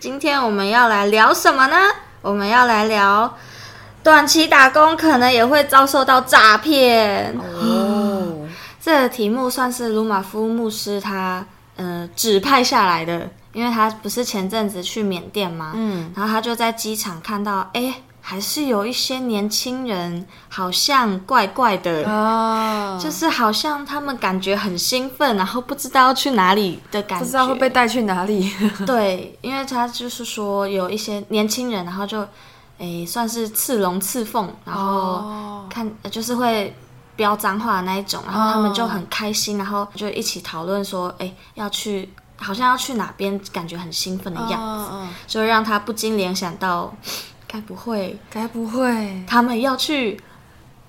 今天我們要來聊什麼呢？我們要來聊短期打工可能也會遭受到詐騙。哦、oh. 嗯，這個題目算是魯馬夫牧師他呃指派下來的，因為他不是前陣子去緬甸嘛。嗯，然後他就在機場看到哎。欸還是有一些年輕人好像怪怪的，oh. 就是好像他們感覺很興奮，然後不知道要去哪裡的感覺，不知道會被帶去哪裡。 對，因為他就是說有一些年輕人，然後就誒、哎、算是刺龍刺鳳，然後看、oh. 就是會飆髒話的那一種，然後他們就很開心，oh. 然後就一起討論說，哎要去，好像要去哪邊，感覺很興奮的樣子，所、oh. 以、oh. oh. 讓他不禁聯想到。該不會，該不會，他們要去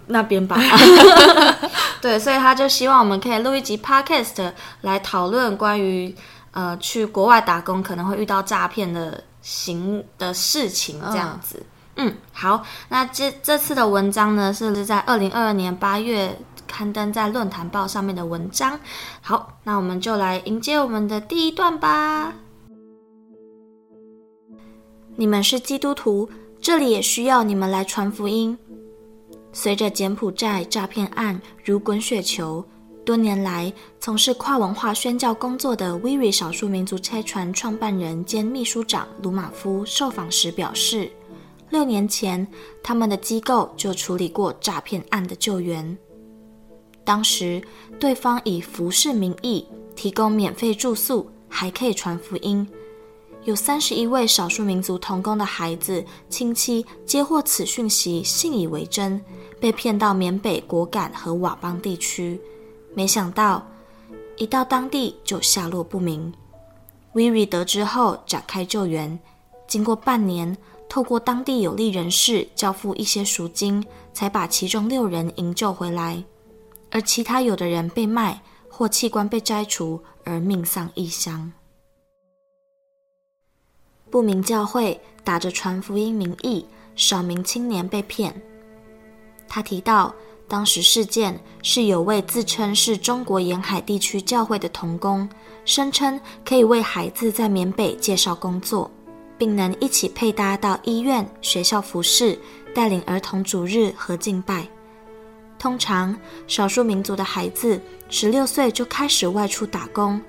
那邊吧？ 對，所以他就希望我們可以錄一集 Podcast 來討論關於呃去國外打工可能會遇到詐騙的行的事情這樣子嗯。嗯，好，那這這次的文章呢，是在二零二二年八月刊登在論壇報上面的文章。好，那我們就來迎接我們的第一段吧。你們是基督徒，這裡也需要你們來傳福音。隨着柬埔寨詐騙案如滾雪球，多年來從事跨文化宣教工作的威瑞少數民族差傳創辦人兼秘書長魯馬夫受訪時表示，六年前他們的機構就處理過詐騙案的救援，當時對方以服事名義提供免費住宿，還可以傳福音。有三十一位少數民族同工的孩子、親戚接獲此訊息，信以為真，被騙到緬北果敢和佤邦地區。沒想到，一到當地就下落不明。WIRI 得知後展開救援，經過半年，透過當地有力人士交付一些贖金，才把其中六人營救回來。而其他有的人被賣，或器官被摘除而命喪異鄉。不明教會打着傳福音名義，少民青年被騙。他提到，當時事件是有位自稱是中國沿海地區教會的同工，聲稱可以為孩子在緬北介紹工作，並能一起配搭到醫院、學校服侍，帶領兒童主日和敬拜。通常少數民族的孩子十六歲就開始外出打工，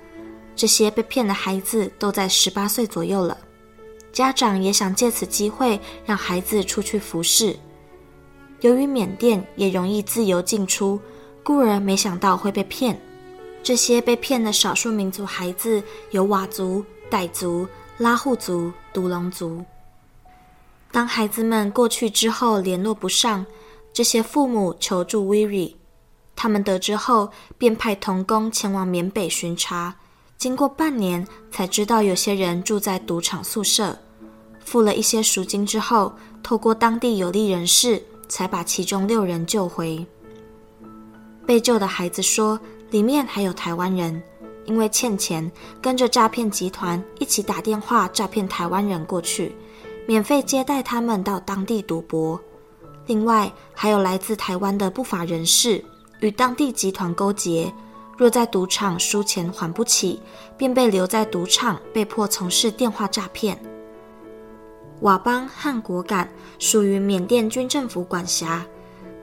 這些被騙的孩子都在十八歲左右了。家長也想借此機會讓孩子出去服侍，由於緬甸也容易自由進出，故而沒想到會被騙。這些被騙的少數民族孩子有佤族、傣族、拉祜族、獨龍族。當孩子們過去之後聯絡不上，這些父母求助 WIRI，他們得知後便派同工前往緬北巡查。經過半年，才知道有些人住在賭場宿舍，付了一些贖金之後，透過當地有力人士，才把其中六人救回。被救的孩子說，裡面還有台灣人，因為欠錢，跟着詐騙集團一起打電話詐騙台灣人過去，免費接待他們到當地賭博。另外，還有來自台灣的不法人士與當地集團勾結。若在賭場輸錢還不起，便被留在賭場，被迫從事電話詐騙。佤邦和果敢屬於緬甸軍政府管轄，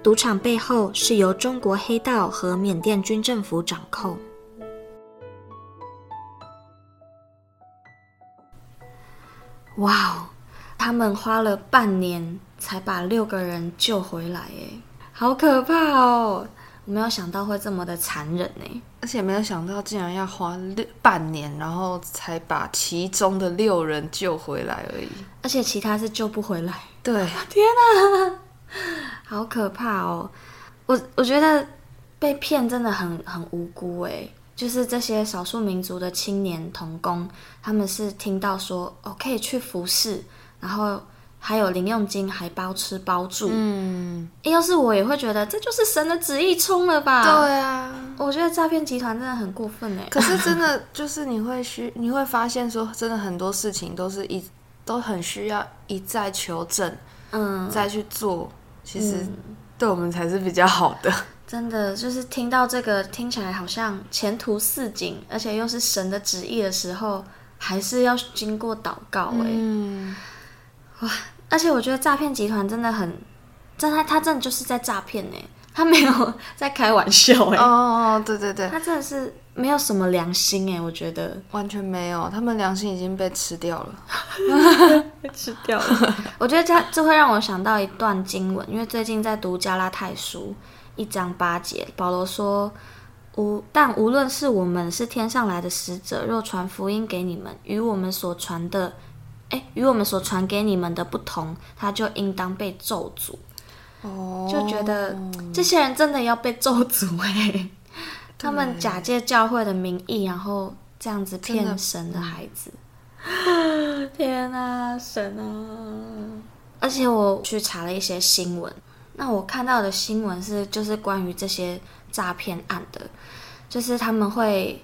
賭場背後是由中國黑道和緬甸軍政府掌控。哇哦，他們花了半年才把六個人救回來耶，好可怕哦！我沒有想到會這麼的殘忍呢，而且沒有想到竟然要花六半年，然後才把其中的六人救回來而已，而且其他是救不回來。對，天哪，好可怕哦！我我覺得被騙真的很很無辜哎，就是這些少數民族的青年同工，他們是聽到說哦可以去服侍，然後。還有零用金，還包吃包住。嗯，要是我也會覺得這就是神的旨意，衝了吧？對啊，我覺得詐騙集團真的很過分、欸、可是真的就是你會需，你會發現說，真的很多事情都是一都很需要一再求證，嗯，再去做，其實對我們才是比較好的。嗯、真的就是聽到這個聽起來好像前途似錦，而且又是神的旨意的時候，還是要經過禱告哎、欸。嗯哇！而且我覺得詐騙集團真的很，真的，他真的就是在詐騙呢，他沒有在開玩笑哎。哦、oh, oh,，oh, oh, 對對對，他真的是沒有什麼良心哎，我覺得完全沒有，他們良心已經被吃掉了，被 吃掉了。 我覺得這這會讓我想到一段經文，因為最近在讀加拉太書一章八節，保羅說：無，但無論是我們是天上來的使者，若傳福音給你們，與我們所傳的。哎，與我們所傳給你們的不同，他就應當被咒詛。哦、oh.，就覺得這些人真的要被咒詛哎、欸！他們假借教會的名義，然後這樣子騙神的孩子。天哪、啊，神啊！而且我去查了一些新聞，那我看到的新聞是，就是關於這些詐騙案的，就是他們會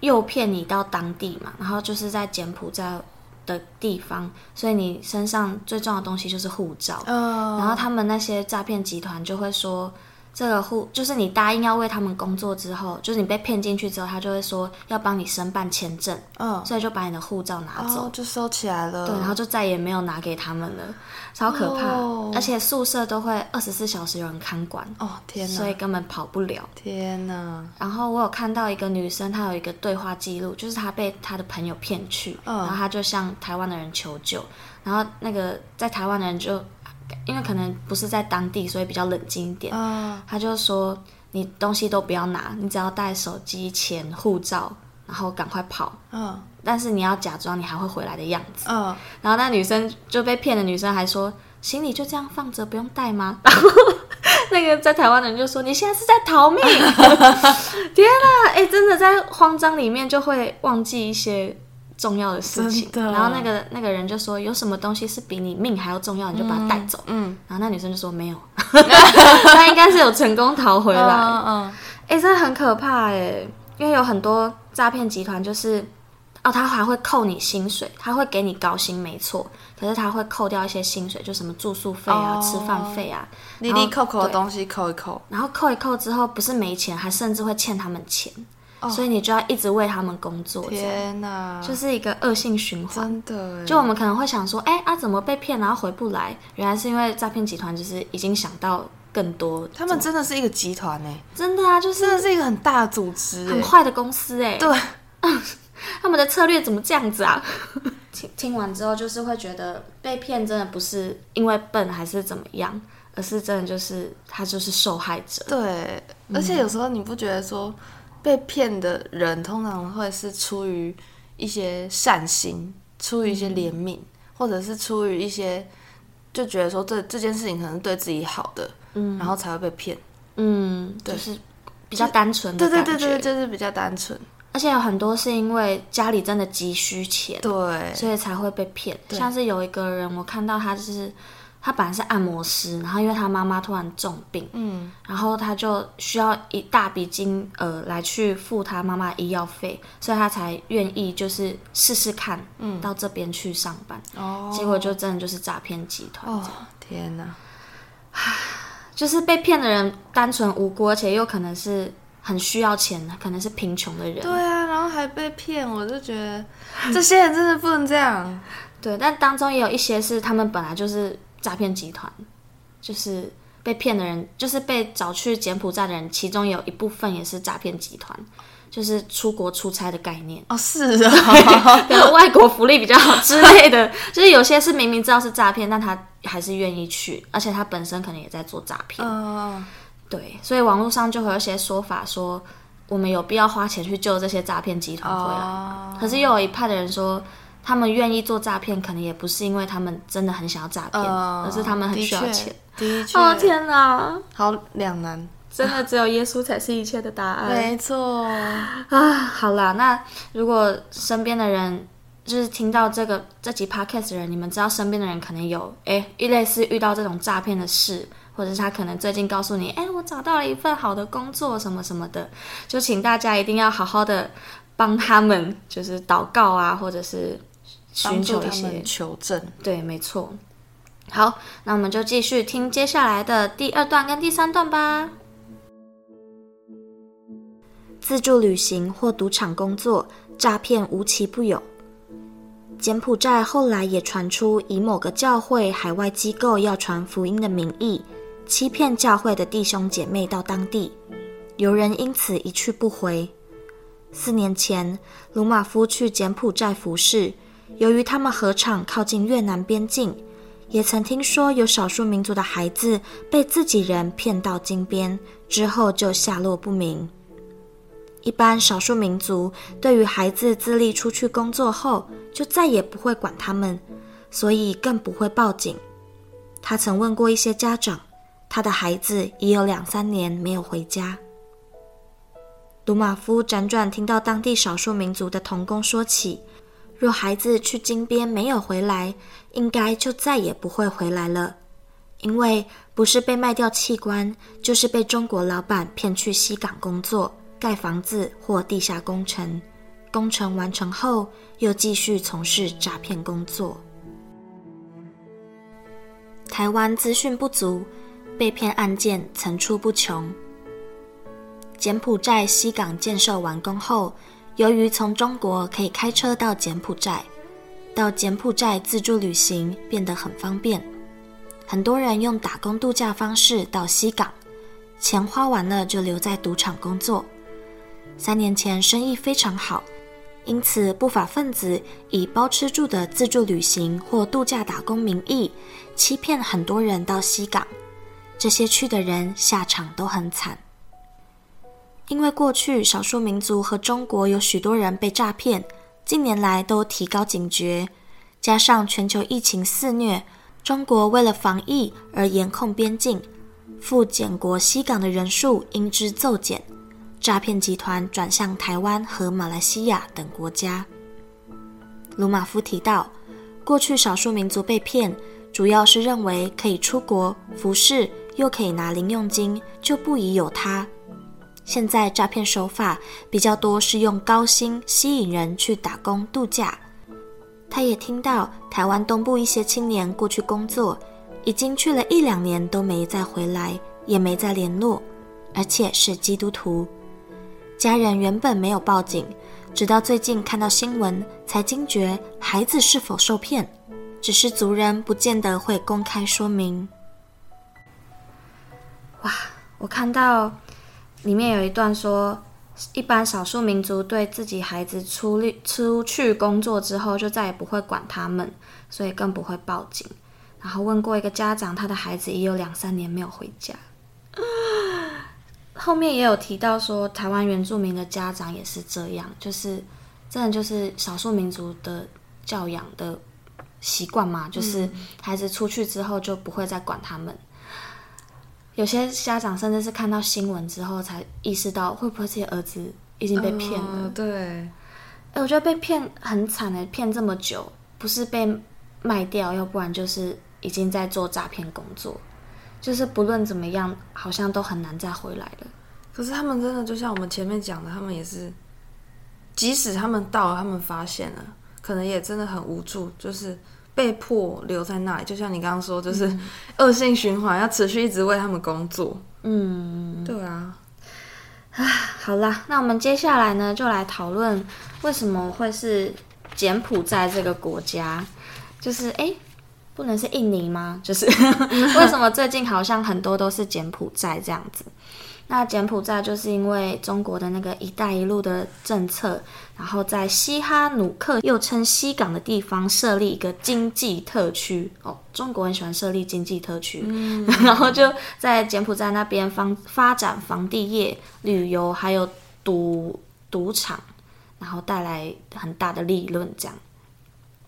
誘騙你到當地嘛，然後就是在柬埔寨。的地方，所以你身上最重要的東西就是護照。Oh. 然後他們那些詐騙集團就會說。這個護，就是你答應要為他們工作之後，就是你被騙進去之後，他就會說要幫你申辦簽證，嗯，所以就把你的護照拿走，哦、就收起來了，對，然後就再也沒有拿給他們了，超可怕，哦、而且宿舍都會二十四小時有人看管哦，天吶，所以根本跑不了，天吶。然後我有看到一個女生，她有一個對話記錄，就是她被她的朋友騙去，嗯、然後她就向台灣的人求救，然後那個在台灣的人就。因為可能不是在當地，所以比較冷靜一點。嗯、oh.，他就說你東西都不要拿，你只要帶手機、錢、護照，然後趕快跑。嗯、oh.，但是你要假裝你還會回來的樣子。嗯、oh.，然後那女生就被騙的女生還說行李就這樣放着不用帶嗎？然後那個在台灣的人就說你現在是在逃命。 天哪、啊，哎、欸，真的在慌張裡面就會忘記一些。重要的事情，然後那個那個人就說，有什麼東西是比你命還要重要，你就把它帶走嗯。嗯，然後那女生就說沒有，她 應該是有成功逃回來。嗯嗯，哎、欸，這很可怕哎、欸，因為有很多詐騙集團就是，哦，他還會扣你薪水，他會給你高薪沒錯，可是他會扣掉一些薪水，就什麼住宿費啊、哦、吃飯費啊，哩哩扣扣的東西扣一扣然，然後扣一扣之後不是沒錢，還甚至會欠他們錢。Oh, 所以你就要一直為他們工作，天吶，就是一個惡性循環。真的，就我們可能會想說，哎、欸、啊，怎麼被騙，然後回不來？原來是因為詐騙集團就是已經想到更多。他們真的是一個集團哎、欸，真的啊，就是真的是一個很大的組織、欸，很壞的公司哎、欸。對， 他們的策略怎麼這樣子啊？ 聽聽完之後，就是會覺得被騙真的不是因為笨還是怎麼樣，而是真的就是他就是受害者。對、嗯，而且有時候你不覺得說。被騙的人通常會是出於一些善心，出於一些憐憫，嗯，或者是出於一些就覺得說這這件事情可能對自己好的，嗯，然後才會被騙，嗯，對，就是比較單純。對對對對，就是比較單純，而且有很多是因為家裡真的急需錢，對，所以才會被騙。像是有一個人，我看到他，就是。他本來是按摩師，然後因為他媽媽突然重病，嗯，然後他就需要一大筆金額來去付他媽媽醫藥費，所以他才願意就是試試看、嗯、到這邊去上班哦。結果就真的就是詐騙集團哦！天哪，唉，就是被騙的人單純無辜，而且又可能是很需要錢，可能是貧窮的人。對啊，然後還被騙，我就覺得 這些人真的不能這樣。對，但當中也有一些是他們本來就是。詐騙集團就是被騙的人，就是被找去柬埔寨的人，其中有一部分也是詐騙集團，就是出國出差的概念哦，是啊，對對 外國福利比較好之類的， 就是有些是明明知道是詐騙，但他還是願意去，而且他本身可能也在做詐騙，哦、對，所以網絡上就會有些說法說，我們有必要花錢去救這些詐騙集團回來，哦，可是又有一派的人說。他們願意做詐騙，可能也不是因為他們真的很想要詐騙、呃，而是他們很需要錢。的確哦，天哪，好兩難、啊，真的只有耶穌才是一切的答案。沒錯啊，好啦，那如果身邊的人就是聽到這個這集 podcast 的人，你們知道身邊的人可能有誒一類似遇到這種詐騙的事，或者是他可能最近告訴你哎，我找到了一份好的工作什麼什麼的，就請大家一定要好好的幫他們，就是禱告啊，或者是。尋求一些求證，對，沒錯。好，那我們就繼續聽接下來的第二段跟第三段吧。自助旅行或賭場工作，詐騙無奇不有。柬埔寨後來也傳出，以某個教會海外機構要傳福音的名義，欺騙教會的弟兄姐妹到當地，有人因此一去不回。四年前，盧馬夫去柬埔寨服侍。由於他們何嘗靠近越南邊境，也曾聽說有少數民族的孩子被自己人騙到金邊，之後就下落不明。一般少數民族對於孩子自立出去工作後，就再也不會管他們，所以更不會報警。他曾問過一些家長，他的孩子已有兩三年沒有回家。魯瑪夫輾轉聽到當地少數民族的同工說起。若孩子去金邊沒有回來，應該就再也不會回來了，因為不是被賣掉器官，就是被中國老闆騙去西港工作，蓋房子或地下工程，工程完成後，又繼續從事詐騙工作。台灣資訊不足，被騙案件層出不窮。柬埔寨西港建設完工後，由於從中國可以開車到柬埔寨，到柬埔寨自助旅行變得很方便，很多人用打工度假方式到西港，錢花完了就留在賭場工作。三年前生意非常好，因此不法分子以包吃住的自助旅行或度假打工名義，欺騙很多人到西港，這些去的人下場都很慘。因為過去少數民族和中國有許多人被詐騙，近年來都提高警覺，加上全球疫情肆虐，中國為了防疫而嚴控邊境，赴柬國西港的人數因之驟減，詐騙集團轉向台灣和馬來西亞等國家。魯馬夫提到，過去少數民族被騙，主要是認為可以出國服侍，又可以拿零用金，就不疑有他。現在詐騙手法比較多，是用高薪吸引人去打工度假。他也聽到台灣東部一些青年過去工作，已經去了一兩年都沒再回來，也沒再聯絡，而且是基督徒。家人原本沒有報警，直到最近看到新聞才驚覺孩子是否受騙。只是族人不見得會公開說明。哇，我看到哦。裡面有一段說，一般少數民族對自己孩子出力出去工作之後，就再也不會管他們，所以更不會報警。然後問過一個家長，他的孩子也有兩三年沒有回家。後面也有提到說，台灣原住民的家長也是這樣，就是真的就是少數民族的教養的習慣嘛、嗯，就是孩子出去之後就不會再管他們。有些家長甚至是看到新聞之後才意識到，會不會是自己兒子已經被騙了？呃、對、欸，我覺得被騙很慘的、欸，騙這麼久，不是被賣掉，要不然就是已經在做詐騙工作，就是不論怎麼樣，好像都很難再回來了。可是他們真的就像我們前面講的，他們也是，即使他們到了，他們發現了，可能也真的很無助，就是。被迫留在那裡，就像你剛剛說，就是惡性循環，要持續一直為他們工作。嗯，對啊。啊，好啦，那我們接下來呢，就來討論為什麼會是柬埔寨這個國家？就是哎、欸，不能是印尼嗎？就是 為什麼最近好像很多都是柬埔寨這樣子？那柬埔寨就是因為中國的那個“一帶一路”的政策，然後在西哈努克，又稱西港的地方設立一個經濟特區。哦，中國很喜歡設立經濟特區，嗯、 然後就在柬埔寨那邊方發展房地業、旅游，還有賭賭場，然後帶來很大的利潤，這樣。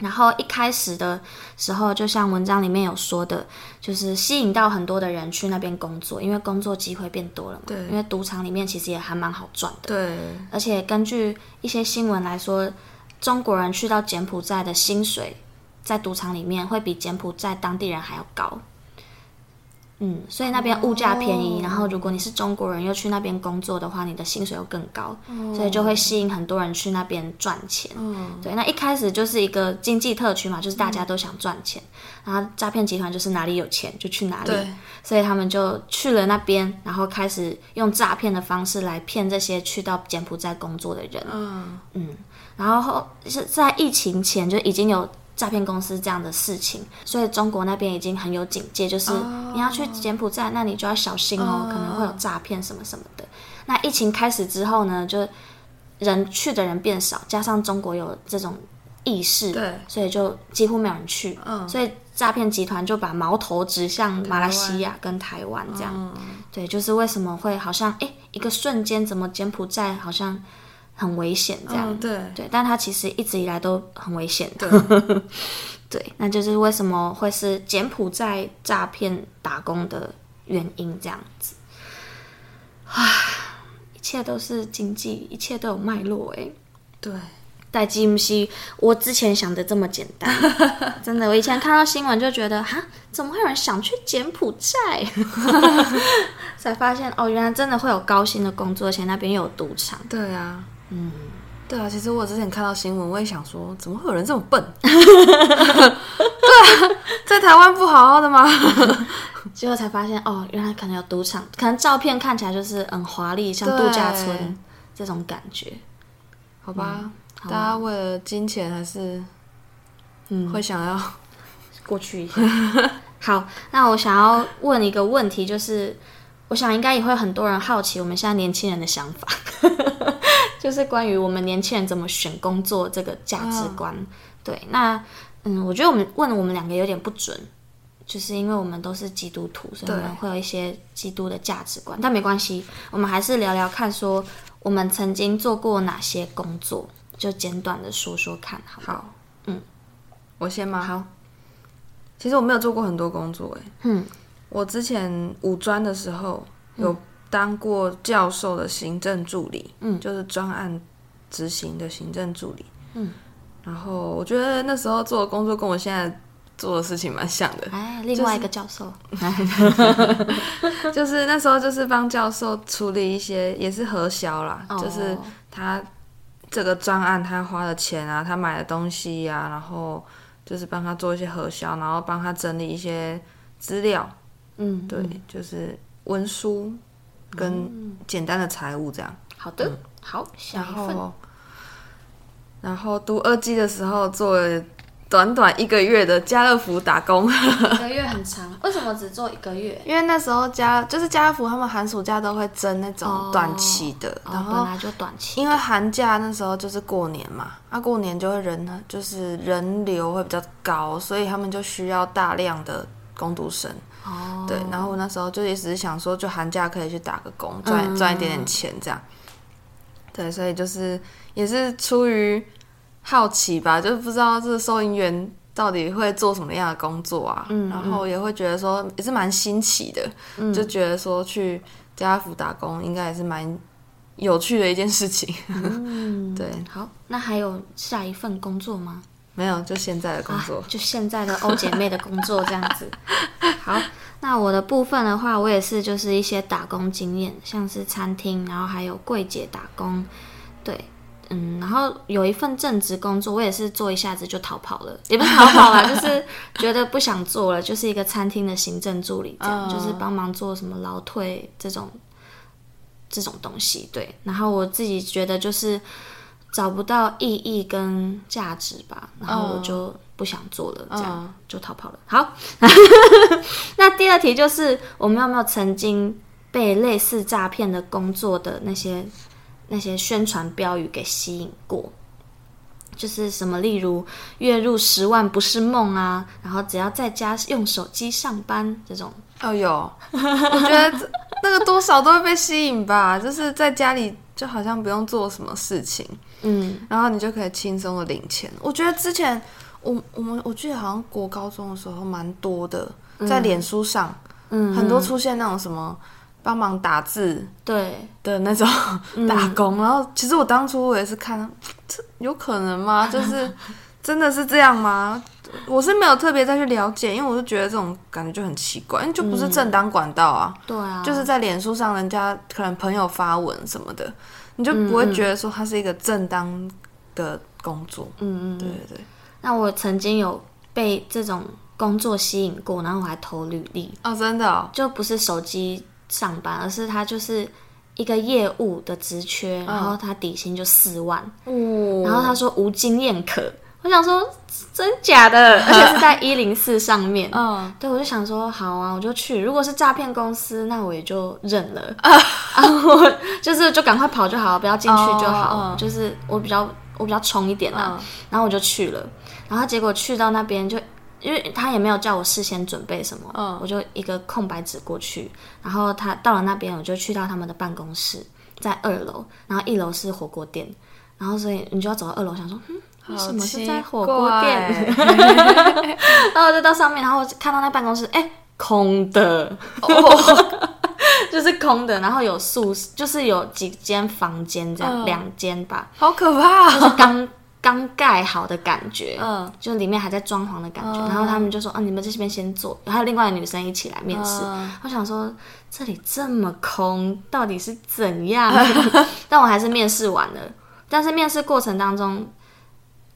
然後一開始的時候，就像文章裡面有說的，就是吸引到很多的人去那邊工作，因為工作機會變多了嘛。對。因為賭場裡面其實也還蠻好賺的。對。而且根據一些新聞來說，中國人去到柬埔寨的薪水，在賭場裡面會比柬埔寨當地人還要高。嗯，所以那邊物價便宜，oh. 然後如果你是中國人，又去那邊工作的話，你的薪水又更高，oh. 所以就會吸引很多人去那邊賺錢。嗯、oh.，對，那一開始就是一個經濟特區嘛，就是大家都想賺錢，oh. 然後詐騙集團就是哪裡有錢就去哪裡，對，所以他們就去了那邊，然後開始用詐騙的方式來騙這些去到柬埔寨工作的人。嗯、oh. 嗯，然後是在疫情前就已經有。詐騙公司這樣的事情，所以中國那邊已經很有警戒，就是你要去柬埔寨，oh. 那你就要小心哦，oh. 可能會有詐騙什麼什麼的。那疫情開始之後呢，就人去的人變少，加上中國有這種意識，對，所以就幾乎沒有人去，嗯、oh.，所以詐騙集團就把矛頭指向馬來西亞跟台灣這樣，oh. 對，就是為什麼會好像誒，一個瞬間，怎麼柬埔寨好像？很危險，這樣、哦、對對，但它其實一直以來都很危險的對，對，那就是為什麼會是柬埔寨詐騙打工的原因，這樣子，啊，一切都是經濟，一切都有脈絡，哎，對，但 GMC，我之前想的這麼簡單， 真的，我以前看到新聞就覺得啊，怎麼會有人想去柬埔寨？才 發現哦，原來真的會有高薪的工作，而且那邊又有賭場，對啊。嗯，對啊，其實我之前看到新聞，我也想說，怎麼會有人這麼笨？ 對啊，在台灣不好好的嗎？最、嗯、後才發現，哦，原來可能有賭場，可能照片看起來就是很華麗，像度假村這種感覺好、嗯。好吧，大家為了金錢，還是嗯，會想要、嗯、過去一下。 好，那我想要問一個問題，就是。我想應該也會很多人好奇我們現在年輕人的想法， 就是關於我們年輕人怎麼選工作這個價值觀、哎。對，那嗯，我覺得我們問了我們兩個有點不準，就是因為我們都是基督徒，所以我們會有一些基督的價值觀。但沒關係，我們還是聊聊看，說我們曾經做過哪些工作，就簡短的說說看，好。好，嗯，我先嗎？好，其實我沒有做過很多工作，哎，嗯。我之前五專的時候有當過教授的行政助理，嗯，就是專案執行的行政助理，嗯，然後我覺得那時候做的工作跟我現在做的事情蠻像的，哎，另外一個教授，就是, 就是那時候就是幫教授處理一些也是核銷啦，哦，就是他這個專案他花的錢啊，他買的東西呀、啊，然後就是幫他做一些核銷，然後幫他整理一些資料。嗯，對嗯，就是文書跟簡單的財務這樣。嗯、好的，嗯、好下一。然後，然後讀二技的時候做了短短一個月的家樂福打工。一個月很長， 為什麼只做一個月？因為那時候家就是家樂福，他們寒暑假都會徵那種短期的，哦、然後、哦、本來就短期。因為寒假那時候就是過年嘛，那、啊、過年就會人就是人流會比較高，所以他們就需要大量的工讀生。哦、oh，對，然後我那時候就一直想說，就寒假可以去打個工，賺、嗯、賺一點點錢這樣。對，所以就是也是出於好奇吧，就是不知道這個收銀員到底會做什麼樣的工作啊，嗯嗯、然後也會覺得說也是蠻新奇的、嗯，就覺得說去家樂福打工應該也是蠻有趣的一件事情。嗯、 對，好，那還有下一份工作嗎？沒有，就現在的工作，啊，就現在的歐姐妹的工作 這樣子。好，那我的部分的話，我也是就是一些打工經驗，像是餐廳，然後還有櫃姐打工。對，嗯，然後有一份正職工作，我也是做一下子就逃跑了， 也不是逃跑了，就是覺得不想做了，就是一個餐廳的行政助理，這樣 就是幫忙做什麼勞退這種這種東西。對，然後我自己覺得就是。找不到意義跟價值吧，然後我就不想做了，oh. 這樣，oh. 就逃跑了。好， 那第二題就是我們有沒有曾經被類似詐騙的工作的那些那些宣傳標語給吸引過？就是什麼，例如月入十萬不是夢啊，然後只要在家用手機上班這種。哎呦， 我覺得那個多少都會被吸引吧，就是在家裡。就好像不用做什麼事情，嗯，然後你就可以輕鬆的領錢。我覺得之前我我們我記得好像國高中的時候蠻多的、嗯，在臉書上，嗯，很多出現那種什麼幫忙打字對的那種 打工、嗯。然後其實我當初我也是看，這有可能嗎？就是真的是這樣嗎？ 我是沒有特別再去了解，因為我就覺得這種感覺就很奇怪，因為就不是正當管道啊。嗯、對啊，就是在臉書上，人家可能朋友發文什麼的，你就不會覺得說它是一個正當的工作。嗯嗯，對對對。那我曾經有被這種工作吸引過，然後我還投履歷哦，真的、哦，就不是手機上班，而是它就是一個業務的職缺，然後它底薪就四萬、哦，然後他說無經驗可。我想說，真假的，而且是在一零四上面。嗯、啊，對，我就想說，好啊，我就去。如果是詐騙公司，那我也就認了。啊，啊我就是就趕快跑就好，不要進去就好、啊。就是我比較我比較衝一點啦、啊啊。然後我就去了，然後結果去到那邊，就因為他也沒有叫我事先準備什麼，嗯、啊，我就一個空白紙過去。然後他到了那邊，我就去到他們的辦公室，在二樓。然後一樓是火鍋店，然後所以你就要走到二樓，想說。嗯為什麼是在火鍋店？然 後 我就到上面，然後我就看到那辦公室，哎、欸，空的，oh, oh. 就是空的。然後有宿舍，就是有幾間房間，這樣兩間、oh. 吧。好可怕，就是剛剛蓋好的感覺，oh. 就裡面還在裝潢的感覺。Oh. 然後他們就說：“啊，你們在這邊先坐。”然後另外的女生一起來面試。Oh. 我想說，這裡這麼空，到底是怎樣、啊？ 但我還是面試完了。但是面試過程當中。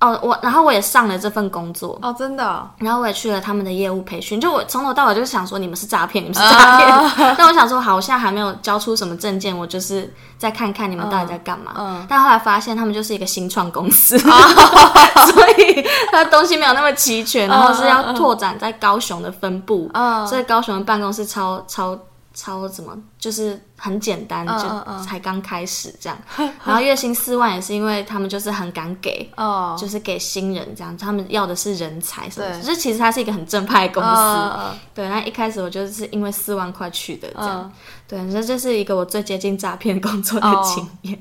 哦，我然後我也上了這份工作哦，真的、哦。然後我也去了他們的業務培訓，就我從頭到尾就是想說你們是詐騙，你們是詐騙。Oh. 但我想說，好，我現在還沒有交出什麼證件，我就是再看看你們到底在幹嘛。Oh. 但後來發現他們就是一個新創公司，oh. 所以他東西沒有那麼齊全，oh. 然後是要拓展在高雄的分部，oh. 所以高雄的辦公室超超。超怎麼就是很簡單，uh, uh, uh. 就才剛開始這樣。Uh, uh. 然後月薪四萬也是因為他們就是很敢給，uh. 就是給新人這樣。他們要的是人才什麼，所以就是、其實它是一個很正派的公司。Uh, uh. 對，那一開始我就是因為四萬塊去的這樣。Uh. 對，反正這是一個我最接近詐騙工作的經驗、uh. 啊。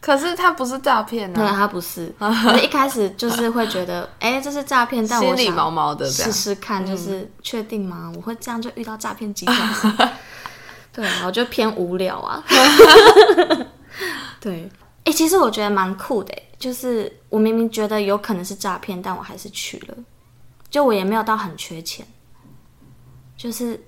可是它不是詐騙啊！對，它不是。 可是一開始就是會覺得，哎、 欸，這是詐騙，但我想毛毛的，試試看，就是確定嗎、嗯？我會這樣就遇到詐騙集團？ 對，然後就偏無聊啊。 對，哎、欸，其實我覺得蠻酷的，就是我明明覺得有可能是詐騙，但我還是取了，就我也沒有到很缺錢，就是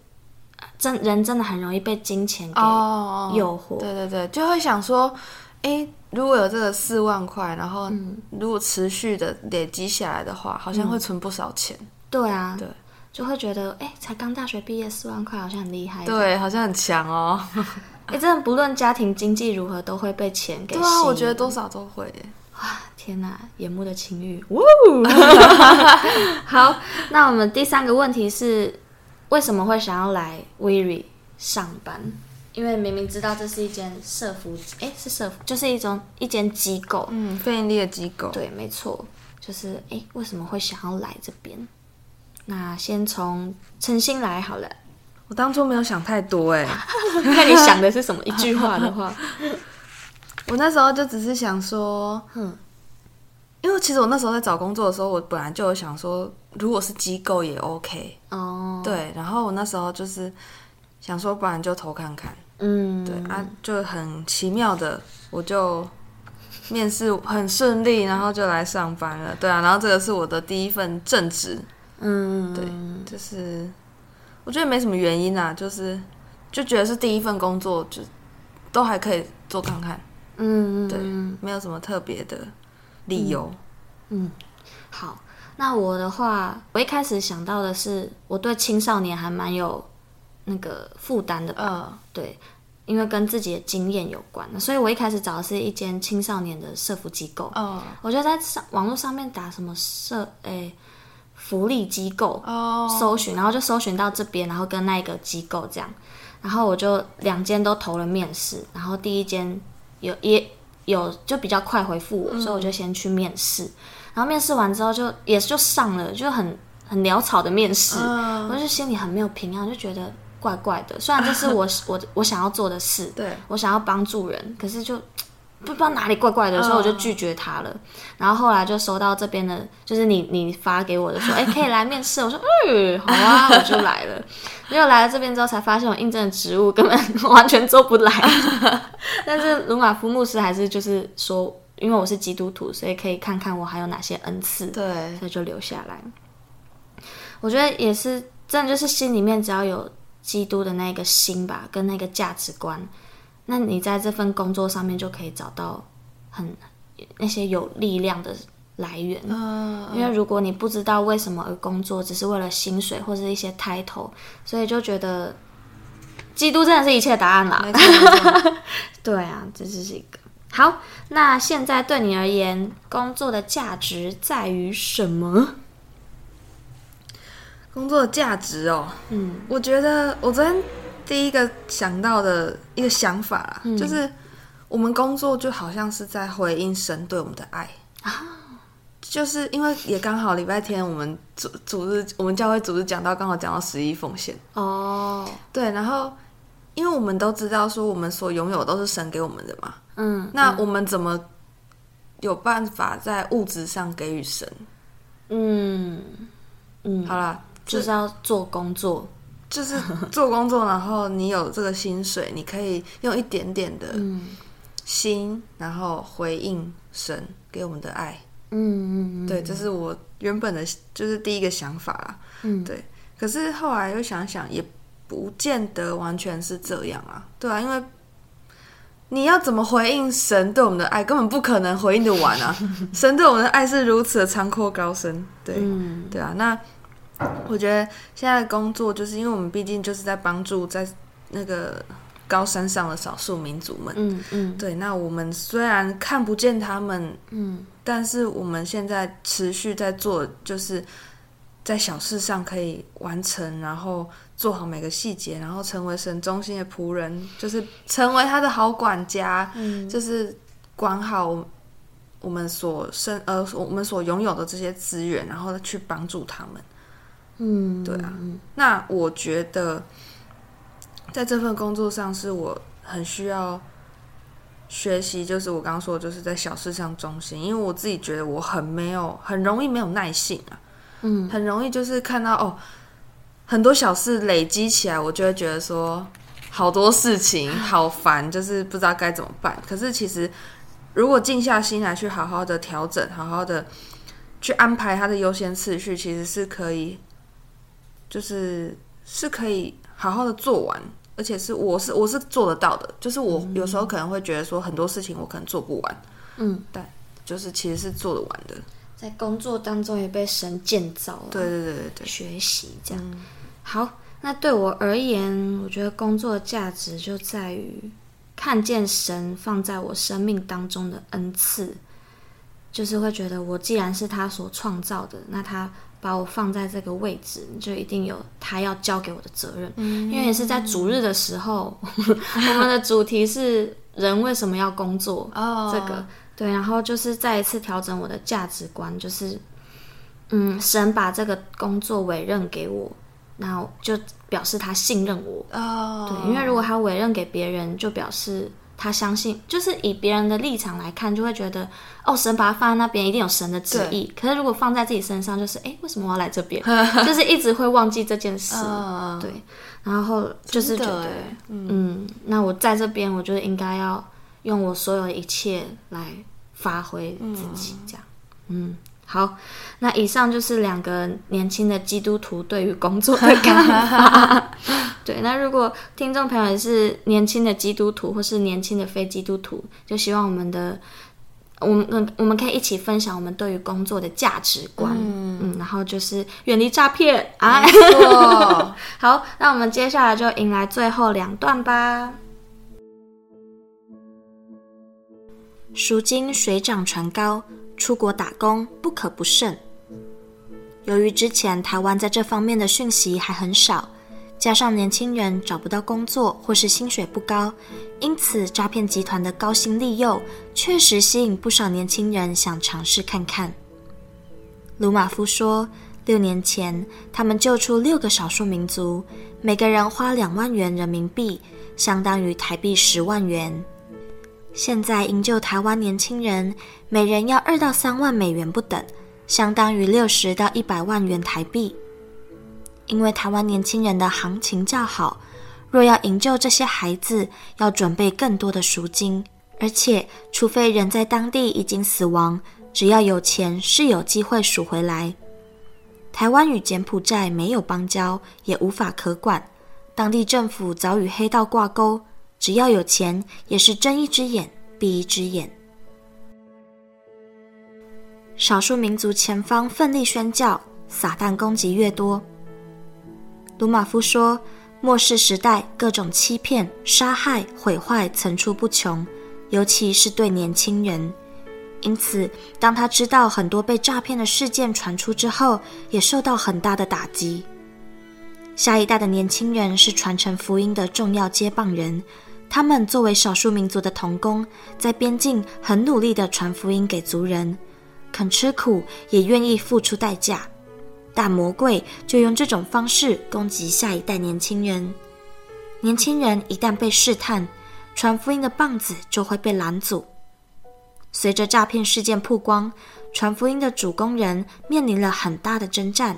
真人真的很容易被金錢給誘惑。Oh, oh, oh, oh. 對對對，就會想說，哎，如果有這個四萬塊，然後如果持續的累積下來的話，嗯、好像會存不少錢。嗯、對啊，對。就會覺得，哎，才剛大學畢業，四萬塊好像很厲害，對，好像很強哦。哎， 真的，不論家庭經濟如何，都會被錢給。對啊，我覺得多少都會。哇，天哪，眼目的情慾。哇 好，那我們第三個問題是，為什麼會想要來 WIRI 上班？因為明明知道這是一間社福，哎，是社福，就是一種一間機構，嗯，非營利的機構。對，沒錯，就是哎，為什麼會想要來這邊？那先從誠心來好了。我當初沒有想太多哎， 看你想的是什麼。一句話的話， 我那時候就只是想說，哼、嗯，因為其實我那時候在找工作的時候，我本來就有想說，如果是機構也 OK 哦，對。然後我那時候就是想說，不然就投看看，嗯，對啊，就很奇妙的，我就面試很順利，然後就來上班了、嗯。對啊，然後這個是我的第一份正職。嗯，對，就是我覺得沒什麼原因啊，就是就覺得是第一份工作，就都還可以做看看。嗯，對，沒有什麼特別的理由嗯。嗯，好，那我的話，我一開始想到的是，我對青少年還蠻有那個負擔的。嗯，對，因為跟自己的經驗有關，所以我一開始找的是一間青少年的社福機構。嗯，我覺得在上網絡上面打什麼社誒。欸福利機構搜尋，Oh. 然後就搜尋到這邊，然後跟那個機構這樣，然後我就兩間都投了面試，然後第一間有也有就比較快回復我，嗯，所以我就先去面試，然後面試完之後就也就上了，就很很潦草的面試，Oh. 我就心裡很沒有平衡，就覺得怪怪的。雖然這是我 我我想要做的事，對，我想要幫助人，可是就。不，不知道哪裡怪怪的，所以我就拒絕他了。Oh. 然後後來就收到這邊的，就是你你發給我的說，哎，可以來面試。 我說，嗯、哎，好啊，我就來了。結果來了這邊之後，才發現我應徵的職務根本完全做不來。 但是盧馬福牧師還是就是說，因為我是基督徒，所以可以看看我還有哪些恩賜，對，所以就留下來。我覺得也是，真的就是心裡面只要有基督的那個心吧，跟那個價值觀。那你在這份工作上面就可以找到很那些有力量的來源，呃，因為如果你不知道為什麼而工作，只是為了薪水或是一些 title，所以就覺得基督真的是一切答案了。對啊， 對啊，這這是一個。好，那現在對你而言，工作的價值在於什麼？工作的價值哦，嗯，我覺得我昨天。第一個想到的一個想法、嗯、就是我們工作就好像是在回應神對我們的愛、啊、就是因為也剛好禮拜天我們組組織我們教會組織講到剛好講到十一奉獻哦，對，然後因為我們都知道說我們所擁有都是神給我們的嘛嗯，嗯，那我們怎麼有辦法在物質上給予神？嗯嗯，好啦、嗯，就是要做工作。就是做工作，然後你有這個薪水，你可以用一點點的心，然後回應神給我們的愛。嗯對，這是我原本的，就是第一個想法啊。嗯，對。可是後來又想想，也不見得完全是這樣啊。對啊，因為你要怎麼回應神對我們的愛，根本不可能回應得完啊。神對我們的愛是如此的寬闊高深。對，對啊，那。我覺得現在的工作，就是因為我們畢竟就是在幫助在那個高山上的少數民族們，嗯，嗯嗯，對。那我們雖然看不見他們，嗯，但是我們現在持續在做，就是在小事上可以完成，然後做好每個細節，然後成為神忠心的僕人，就是成為他的好管家，嗯、就是管好我們所生呃我們所擁有的這些資源，然後去幫助他們。嗯，對啊，那我覺得，在這份工作上是我很需要學習，就是我剛剛說的，就是在小事上忠心，因為我自己覺得我很沒有，很容易沒有耐性啊，嗯，很容易就是看到哦，很多小事累積起來，我就會覺得說，好多事情好煩， 就是不知道該怎麼辦。可是其實，如果靜下心來去好好的調整，好好的去安排他的優先次序，其實是可以。就是是可以好好的做完，而且是我是我是做得到的。就是我有時候可能會覺得說，很多事情我可能做不完，嗯，但，就是其實是做得完的。在工作當中也被神建造了，對對對對對，學習這樣、嗯。好，那對我而言，我覺得工作的價值就在於看見神放在我生命當中的恩賜，就是會覺得我既然是他所創造的，那他。把我放在這個位置，你就一定有他要交給我的責任。Mm -hmm. 因為也是在主日的時候，Mm-hmm. 我們的主題是人為什麼要工作？Oh. 這個對，然後就是再一次調整我的價值觀，就是嗯，神把這個工作委任給我，那就表示他信任我。Oh. 對，因為如果他委任給別人，就表示。他相信，就是以別人的立場來看，就會覺得，哦，神把它放在那邊，一定有神的旨意。可是如果放在自己身上，就是，哎，為什麼我要來這邊？ 就是一直會忘記這件事。 uh, 對，然後就是覺得嗯，嗯，那我在這邊，我就應該要用我所有的一切來發揮自己，嗯、這樣，嗯。好，那以上就是兩個年輕的基督徒對於工作的感。 對，那如果聽眾朋友也是年輕的基督徒或是年輕的非基督徒，就希望我們的我們我們可以一起分享我們對於工作的價值觀。嗯，嗯，然後就是遠離詐騙啊！ 好，那我們接下來就迎來最後兩段吧。贖金水漲船高。出國打工不可不慎。由於之前台灣在這方面的訊息還很少，加上年輕人找不到工作或是薪水不高，因此詐騙集團的高薪利誘確實吸引不少年輕人想嘗試看看。魯瑪夫說，六年前他們救出六個少數民族，每個人花兩萬元人民幣，相當於台幣十萬元。現在營救台灣年輕人，每人要二到三萬美元不等，相當於六十到一百萬元台幣。因為台灣年輕人的行情較好，若要營救這些孩子，要準備更多的贖金。而且，除非人在當地已經死亡，只要有錢是有機會贖回來。台灣與柬埔寨沒有邦交，也無法可管，當地政府早與黑道掛鈎。只要有錢，也是睜一隻眼閉一隻眼。少數民族前方奮力宣教，撒旦攻擊越多。魯瑪夫說，末世時代各種欺騙、殺害、毀壞層出不窮，尤其是對年輕人。因此，當他知道很多被詐騙的事件傳出之後，也受到很大的打擊。下一代的年輕人是傳承福音的重要接棒人。他們作為少數民族的同工，在邊境很努力的傳福音給族人，肯吃苦，也願意付出代價。但魔鬼就用這種方式攻擊下一代年輕人。年輕人一旦被試探，傳福音的棒子就會被攔阻。隨着詐騙事件曝光，傳福音的主工人面臨了很大的爭戰，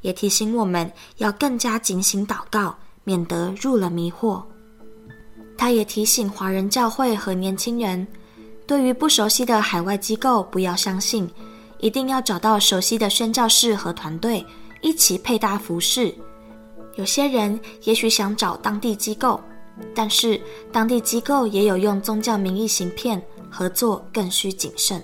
也提醒我們要更加警醒禱告，免得入了迷惑。他也提醒華人教會和年輕人，對於不熟悉的海外機構不要相信，一定要找到熟悉的宣教士和團隊一起配搭服事。有些人也許想找當地機構，但是當地機構也有用宗教名義行騙，合作更需謹慎。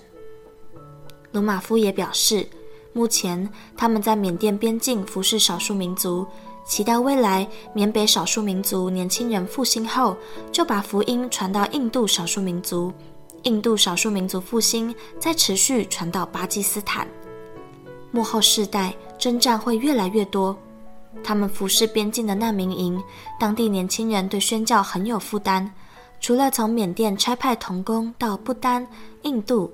魯瑪夫也表示，目前他們在緬甸邊境服侍少數民族。期待未來，緬北少數民族年輕人復興後，就把福音傳到印度少數民族；印度少數民族復興，再持續傳到巴基斯坦。幕後世代征戰會越來越多，他們服侍邊境的難民營，當地年輕人對宣教很有負擔。除了從緬甸差派同工到不丹、印度，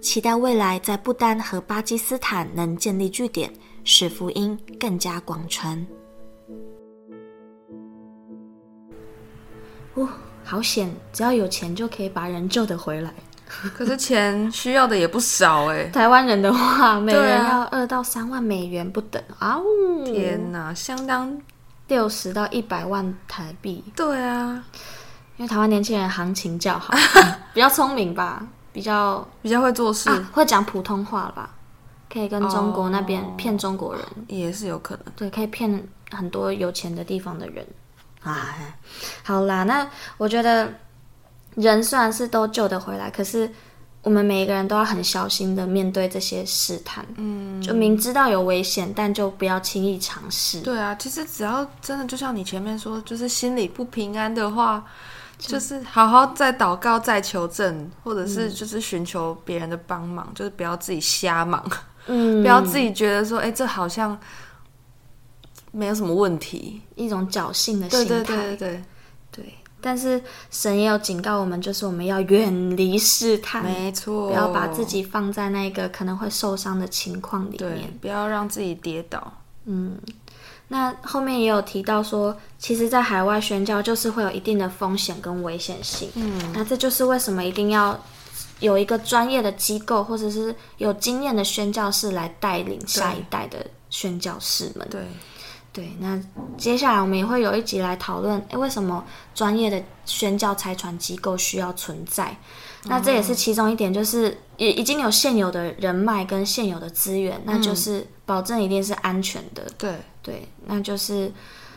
期待未來在不丹和巴基斯坦能建立據點，使福音更加廣傳。哦、好險！只要有錢就可以把人救得回來。 可是錢需要的也不少哎、欸。台灣人的話，每人要二到三萬美元不等啊、哦！天哪，相當六十到一百萬台幣。對啊，因為台灣年輕人行情較好， 嗯、比較聰明吧，比較比較會做事，啊、會講普通話吧，可以跟中國那邊騙中國人、哦、也是有可能。對，可以騙很多有錢的地方的人。哎、啊，好啦，那我覺得人雖然是都救得回來，可是我們每一個人都要很小心的面對這些試探，嗯，就明知道有危險，但就不要輕易嘗試。對啊，其實只要真的，就像你前面說，就是心裡不平安的話，就、就是好好再禱告、再求證，或者是就是尋求別人的幫忙、嗯，就是不要自己瞎忙，嗯， 不要自己覺得說，哎、欸，這好像。沒有什麼問題，一種僥幸的心態。對對,對,對,對,對，但是神也有警告我們，就是我們要遠離試探，沒錯，不要把自己放在那個可能會受傷的情況裡面，不要讓自己跌倒。嗯，那後面也有提到說，其實，在海外宣教就是會有一定的風險跟危險性。嗯，那這就是為什麼一定要有一個專業的機構或者是有經驗的宣教士來帶領下一代的宣教士們。對。對對，那接下來我們也會有一集來討論，誒、欸，為什麼專業的宣教差傳機構需要存在？Oh. 那這也是其中一點，就是也已經有現有的人脈跟現有的資源，mm. 那就是保證一定是安全的。對、mm. 對，那就是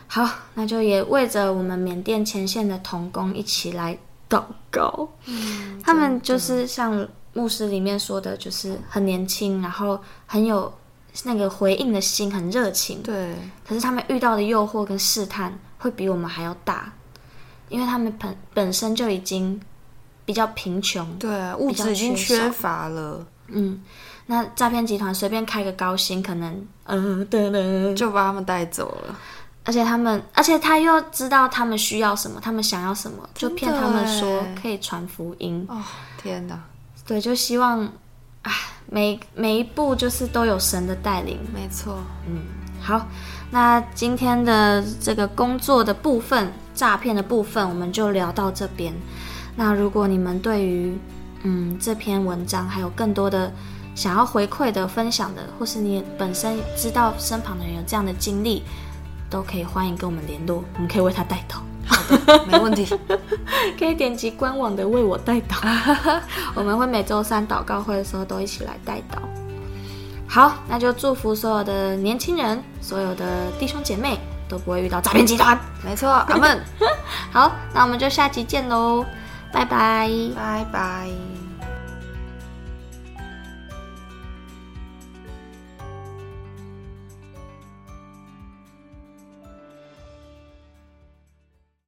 好，那就也為着我們緬甸前線的同工一起來禱告、mm.。他們就是像牧師裡面說的，就是很年輕，mm. 然後很有。那個回應的心很熱情，對。可是他們遇到的誘惑跟試探會比我們還要大，因為他們本本身就已經比較貧窮，對啊，比較缺少，物質已經缺乏了。嗯，那詐騙集團隨便開個高薪，可能嗯等等就把他們帶走了。而且他們，而且他又知道他們需要什麼，他們想要什麼，就騙他們說可以傳福音。哦，天哪！對，就希望，唉。每每一步就是都有神的帶領，沒錯。嗯，好，那今天的這個工作的部分，詐騙的部分，我們就聊到這邊。那如果你們對於嗯這篇文章，還有更多的想要回饋的、分享的，或是你本身知道身旁的人有這樣的經歷，都可以歡迎跟我們聯絡，我們可以為他代禱。好的，沒問題， 可以點擊官網的為我代禱。 我們會每週三禱告會的時候都一起來代禱。好，那就祝福所有的年輕人，所有的弟兄姐妹，都不會遇到詐騙集團。 沒錯，阿們。好，那我們就下集見嘍，拜拜，拜拜。